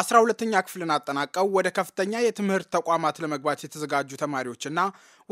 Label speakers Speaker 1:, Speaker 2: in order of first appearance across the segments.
Speaker 1: አስራ ሁለተኛ ክፍልን አጠናቀው ወደ ከፍተኛ የትምህርት ተቋማት ለመግባት የተዘጋጁ ተማሪዎችና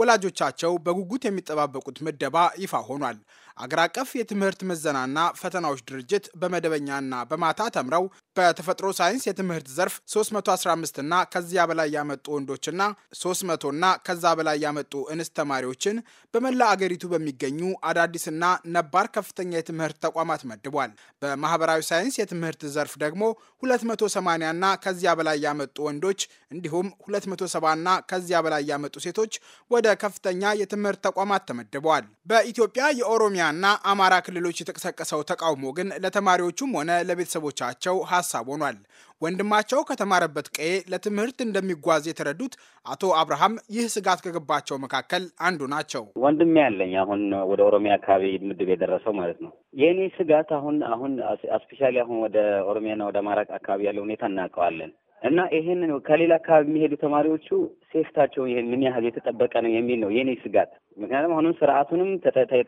Speaker 1: ወላጆቻቸው በጉጉት የሚጠባበቁት ምደባ ይፋ ሆኗል። አገር አቀፍ የትምህርት ምዘናና ፈተናዎች ድርጅት በመደበኛና በማታ ተምረው በተፈጥሮ ሳይንስ የትምህርት ዘርፍ 315 እና ከዚያ በላይ ያመጡ ወንዶችና 300 እና ከዛ በላይ ያመጡ እንስት ተማሪዎችን በመላ አገሪቱ በሚገኙ አዳዲስና ነባር ከፍተኛ የትምህርት ተቋማት መድቧል። በማህበራዊ ሳይንስ የትምህርት ዘርፍ ደግሞ 280 እና ከዚያ በላይ ያመጡ ወንዶች እንዲሁም 270 እና ከዚያ በላይ ያመጡ ሴቶች ወደ ከፍተኛ የትምህርት ተቋማት ተመድበዋል። በኢትዮጵያ የኦሮሚያና አማራ ክልሎች የተቀሰቀሰው ተቃውሞ ግን ለተማሪዎቹም ሆነ ለቤተሰቦቻቸው ሀሳብ ሆኗል። ወንድማቸው ከተማረበት ቀዬ ለትምህርት እንደሚጓዝ የተረዱት አቶ አብርሃም ይህ ስጋት ከገባቸው መካከል አንዱ ናቸው።
Speaker 2: ወንድሜ ያለኝ አሁን ወደ ኦሮሚያ አካባቢ ምድብ የደረሰው ማለት ነው። የእኔ ስጋት አሁን አሁን እስፔሻሊ አሁን ወደ ኦሮሚያና ወደ አማራ አካባቢ ያለው ሁኔታ እናውቀዋለን። እና ይሄንን ከሌላ አካባቢ የሚሄዱ ተማሪዎቹ ሴፍታቸው ምን ያህል የተጠበቀ ነው የሚል ነው የኔ ስጋት። ምክንያቱም አሁንም ስርዓቱንም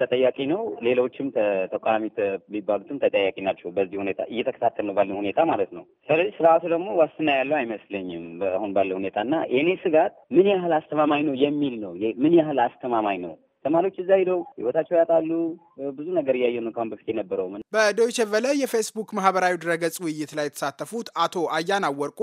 Speaker 2: ተጠያቂ ነው፣ ሌሎችም ተቃዋሚ የሚባሉትም ተጠያቂ ናቸው። በዚህ ሁኔታ እየተከታተል ነው ባለ ሁኔታ ማለት ነው። ስለዚህ ስርዓቱ ደግሞ ዋስትና ያለው አይመስለኝም አሁን ባለ ሁኔታ እና የኔ ስጋት ምን ያህል አስተማማኝ ነው የሚል ነው። ምን ያህል አስተማማኝ ነው ተማሪዎች እዛ ሄደው ህይወታቸው ያጣሉ። ብዙ ነገር እያየ ነው ካሁን በፊት የነበረው።
Speaker 1: በዶይቸ ቬለ የፌስቡክ ማህበራዊ ድረገጽ ውይይት ላይ የተሳተፉት አቶ አያን አወርቁ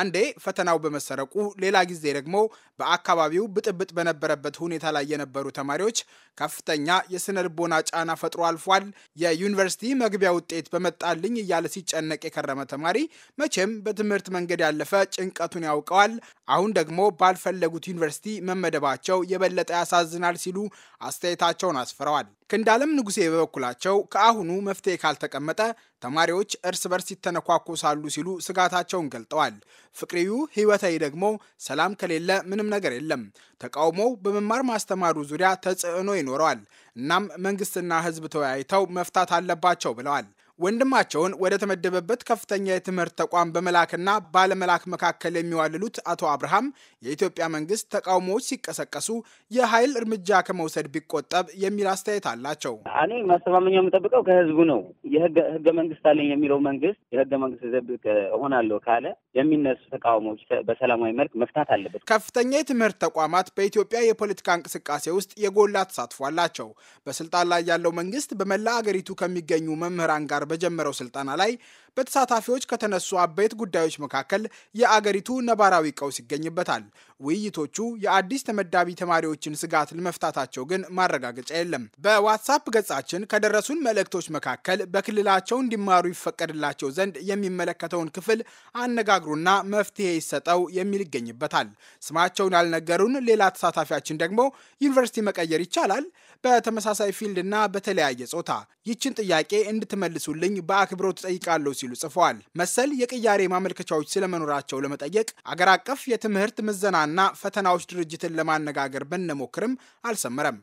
Speaker 1: አንዴ ፈተናው በመሰረቁ ሌላ ጊዜ ደግሞ በአካባቢው ብጥብጥ በነበረበት ሁኔታ ላይ የነበሩ ተማሪዎች ከፍተኛ የስነ ልቦና ጫና ፈጥሮ አልፏል። የዩኒቨርሲቲ መግቢያ ውጤት በመጣልኝ እያለ ሲጨነቅ የከረመ ተማሪ መቼም በትምህርት መንገድ ያለፈ ጭንቀቱን ያውቀዋል። አሁን ደግሞ ባልፈለጉት ዩኒቨርሲቲ መመደባቸው የበለጠ ያሳዝናል ሲሉ አስተያየታቸውን አስፍረዋል። ክንዳለም ንጉሴ በበኩላቸው ከአሁኑ መፍትሄ ካልተቀመጠ ተማሪዎች እርስ በርስ ይተነኳኮሳሉ ሲሉ ስጋታቸውን ገልጠዋል። ፍቅሪዩ ህይወታዊ ደግሞ ሰላም ከሌለ ምንም ነገር የለም፣ ተቃውሞው በመማር ማስተማሩ ዙሪያ ተጽዕኖ ይኖረዋል። እናም መንግስትና ህዝብ ተወያይተው መፍታት አለባቸው ብለዋል። ወንድማቸውን ወደ ተመደበበት ከፍተኛ የትምህርት ተቋም በመላክና ባለመላክ መካከል የሚዋልሉት አቶ አብርሃም የኢትዮጵያ መንግስት ተቃውሞዎች ሲቀሰቀሱ የኃይል እርምጃ ከመውሰድ ቢቆጠብ የሚል አስተያየት አላቸው። እኔ ማስተማመኛ የምጠብቀው ከህዝቡ ነው።
Speaker 2: የህገ መንግስት አለኝ የሚለው መንግስት የህገ መንግስት ዘብቅ እሆናለሁ ካለ
Speaker 1: የሚነሱ ተቃውሞዎች በሰላማዊ መልክ መፍታት አለበት። ከፍተኛ የትምህርት ተቋማት በኢትዮጵያ የፖለቲካ እንቅስቃሴ ውስጥ የጎላ ተሳትፎ አላቸው። በስልጣን ላይ ያለው መንግስት በመላ አገሪቱ ከሚገኙ መምህራን ጋር በጀመረው ስልጠና ላይ በተሳታፊዎች ከተነሱ አበይት ጉዳዮች መካከል የአገሪቱ ነባራዊ ቀውስ ይገኝበታል። ውይይቶቹ የአዲስ ተመዳቢ ተማሪዎችን ስጋት ለመፍታታቸው ግን ማረጋገጫ የለም። በዋትሳፕ ገጻችን ከደረሱን መልእክቶች መካከል በክልላቸው እንዲማሩ ይፈቀድላቸው ዘንድ የሚመለከተውን ክፍል አነጋግሩና መፍትሄ ይሰጠው የሚል ይገኝበታል። ስማቸውን ያልነገሩን ሌላ ተሳታፊያችን ደግሞ ዩኒቨርሲቲ መቀየር ይቻላል? በተመሳሳይ ፊልድ እና በተለያየ ጾታ ይችን ጥያቄ እንድትመልሱልኝ በአክብሮት ጠይቃለሁ ሲሉ ጽፏል። መሰል የቅያሬ ማመልከቻዎች ስለመኖራቸው ለመጠየቅ አገር አቀፍ የትምህርት ምዘናና ፈተናዎች ድርጅትን ለማነጋገር ብንሞክርም አልሰመረም።